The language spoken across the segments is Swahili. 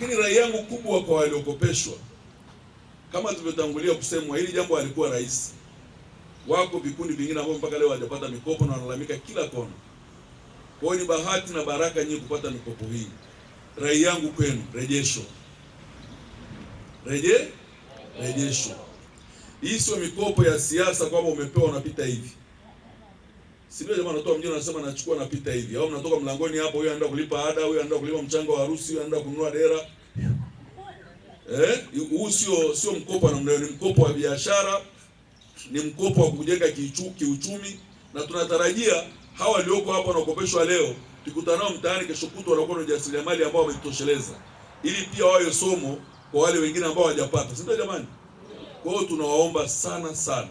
Lakini rai yangu kubwa kwa waliokopeshwa, kama tulivyotangulia kusemwa, hili jambo halikuwa rahisi. Wako vikundi vingine ambao mpaka leo hawajapata mikopo na wanalalamika kila kona. Kwa hiyo ni bahati na baraka nyinyi kupata mikopo hii. Rai yangu kwenu, rejesho, reje rejesho. Hii sio mikopo ya siasa kwamba umepewa unapita hivi. Si ndio jamaa anatoa mjini anasema anachukua anapita hivi. Au mnatoka mlangoni hapo huyo anaenda kulipa ada, huyo anaenda kulipa mchango wa harusi, huyo anaenda kununua dera. Eh, huu sio sio mkopo na mnayo ni mkopo wa biashara, ni mkopo wa kujenga kiuchumi uchumi na tunatarajia hawa walioko hapa wanakopeshwa leo tukutana nao mtaani kesho kutwa wanakuwa na ujasiriamali ambao wamejitosheleza, ili pia wawe somo kwa wale wengine ambao hawajapata, si ndio jamani? Kwa hiyo tunawaomba sana sana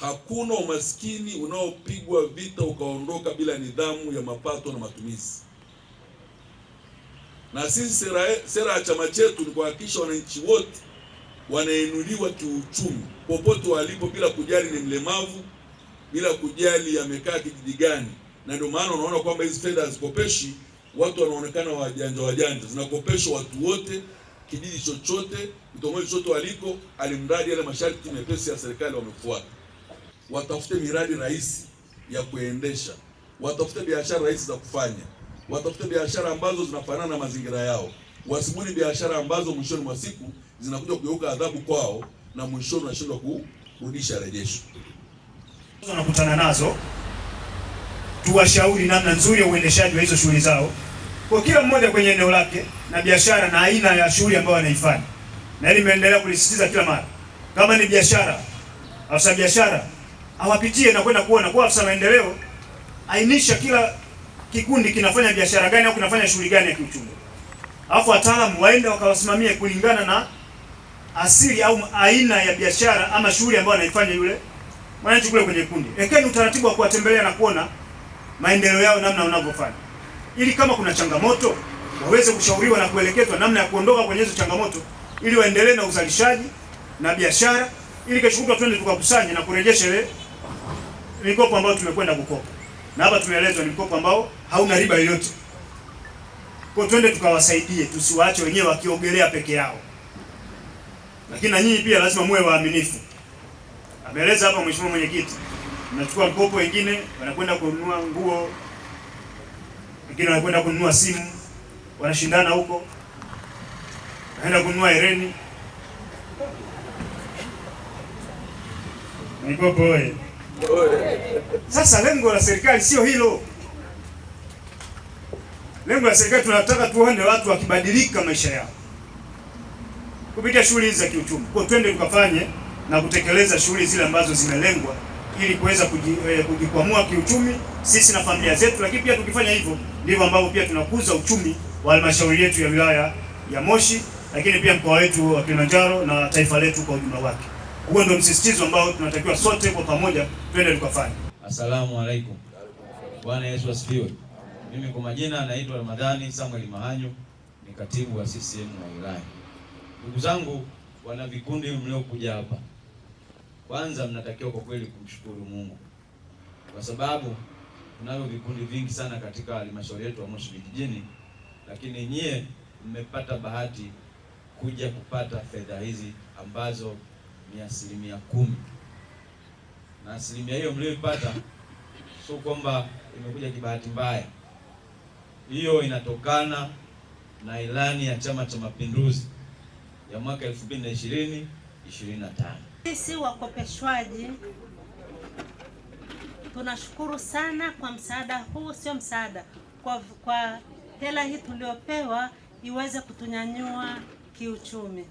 Hakuna umaskini unaopigwa vita ukaondoka bila nidhamu ya mapato na matumizi. Na sisi sera, e, sera ya chama chetu ni kuhakikisha wananchi wote wanainuliwa kiuchumi popote walipo, bila kujali ni mlemavu, bila kujali amekaa kijiji gani. Na ndio maana unaona kwamba hizi fedha hazikopeshi watu wanaonekana wajanja wajanja, zinakopeshwa watu wote, kijiji chochote, kitongoji chochote waliko, alimradi yale masharti mepesi ya serikali wamefuata watafute miradi rahisi ya kuendesha, watafute biashara rahisi za kufanya, watafute biashara ambazo zinafanana na mazingira yao, wasibuni biashara ambazo mwishoni mwa siku zinakuja kugeuka adhabu kwao na mwishoni unashindwa kurudisha rejesho. Tunakutana nazo, tuwashauri namna nzuri ya uendeshaji wa hizo shughuli zao, kwa kila mmoja kwenye eneo lake na biashara na aina ya shughuli ambayo anaifanya, na ili nimeendelea kulisisitiza kila mara, kama ni biashara, afisa biashara awapitie na kwenda kuona kwa afisa maendeleo, ainisha kila kikundi kinafanya biashara gani au kinafanya shughuli gani ya kiuchumi, alafu wataalamu waende wakawasimamie kulingana na asili au aina ya biashara ama shughuli ambayo anaifanya yule mwananchi kule kwenye kundi. Ekeni utaratibu wa kuwatembelea na kuona maendeleo yao namna wanavyofanya, ili kama kuna changamoto waweze kushauriwa na kuelekezwa namna ya kuondoka kwenye hizo changamoto, ili waendelee na uzalishaji na biashara, ili kesho kutwa twende tukakusanye na kurejesha ile mikopo ambayo tumekwenda kukopa, na hapa tumeelezwa ni mkopo ambao hauna riba yoyote. Kwa twende tukawasaidie, tusiwaache wenyewe wakiogelea peke yao, lakini na nyinyi pia lazima muwe waaminifu. Ameeleza hapa mheshimiwa mwenyekiti, mnachukua mkopo, wengine wanakwenda kununua nguo, wengine wanakwenda kununua simu, wanashindana huko, wanaenda kununua hereni. Mikopo oye! Sasa lengo la serikali sio hilo. Lengo la serikali tunataka tuone watu wakibadilika maisha yao kupitia shughuli hizi za kiuchumi, kwa twende tukafanye na kutekeleza shughuli zile ambazo zimelengwa ili kuweza eh, kujikwamua kiuchumi sisi na familia zetu. Lakini pia tukifanya hivyo, ndivyo ambavyo pia tunakuza uchumi wa halmashauri yetu ya wilaya ya Moshi, lakini pia mkoa wetu wa Kilimanjaro na taifa letu kwa ujumla wake. Huo ndio msisitizo ambao tunatakiwa sote kwa pamoja twende tukafanye. Asalamu alaikum. Bwana Yesu asifiwe. Mimi kwa majina naitwa Ramadhani Samuel Mahanyo, ni katibu wa CCM wa wilaya. Ndugu zangu, wana vikundi mliokuja hapa, kwanza mnatakiwa kwa kweli kumshukuru Mungu kwa sababu tunavyo vikundi vingi sana katika halmashauri yetu ya Moshi vijijini, lakini nyie mmepata bahati kuja kupata fedha hizi ambazo ni asilimia kumi, na asilimia hiyo mlioipata sio kwamba imekuja kibahati mbaya, hiyo inatokana na ilani ya Chama cha Mapinduzi ya mwaka 2020 25. Sisi wakopeshwaji tunashukuru sana kwa msaada huu, sio msaada kwa, kwa hela hii tuliopewa iweze kutunyanyua kiuchumi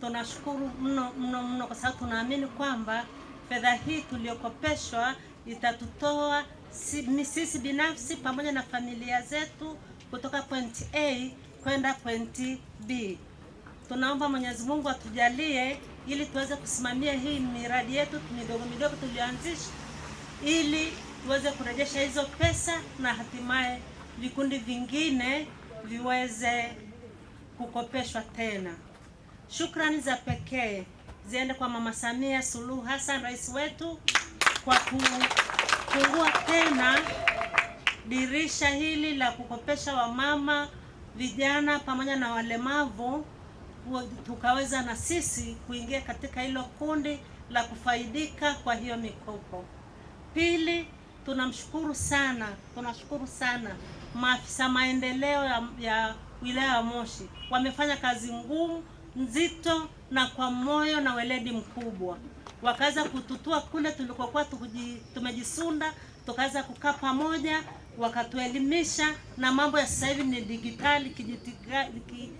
tunashukuru mno mno mno, kwa sababu tunaamini kwamba fedha hii tuliyokopeshwa itatutoa si, sisi binafsi pamoja na familia zetu kutoka point A kwenda point B. Tunaomba Mwenyezi Mungu atujalie ili tuweze kusimamia hii miradi yetu midogo midogo tulioanzisha ili tuweze kurejesha hizo pesa na hatimaye vikundi vingine viweze kukopeshwa tena. Shukrani za pekee ziende kwa Mama Samia Suluhu Hassan, rais wetu, kwa kufungua tena dirisha hili la kukopesha wamama, vijana pamoja na walemavu, tukaweza na sisi kuingia katika hilo kundi la kufaidika kwa hiyo mikopo. Pili, tunamshukuru sana, tunashukuru sana maafisa maendeleo ya, ya wilaya ya Moshi wamefanya kazi ngumu nzito na kwa moyo na weledi mkubwa, wakaweza kututua kule tulikokuwa tumejisunda, tukaweza kukaa pamoja, wakatuelimisha na mambo ya sasa hivi ni digitali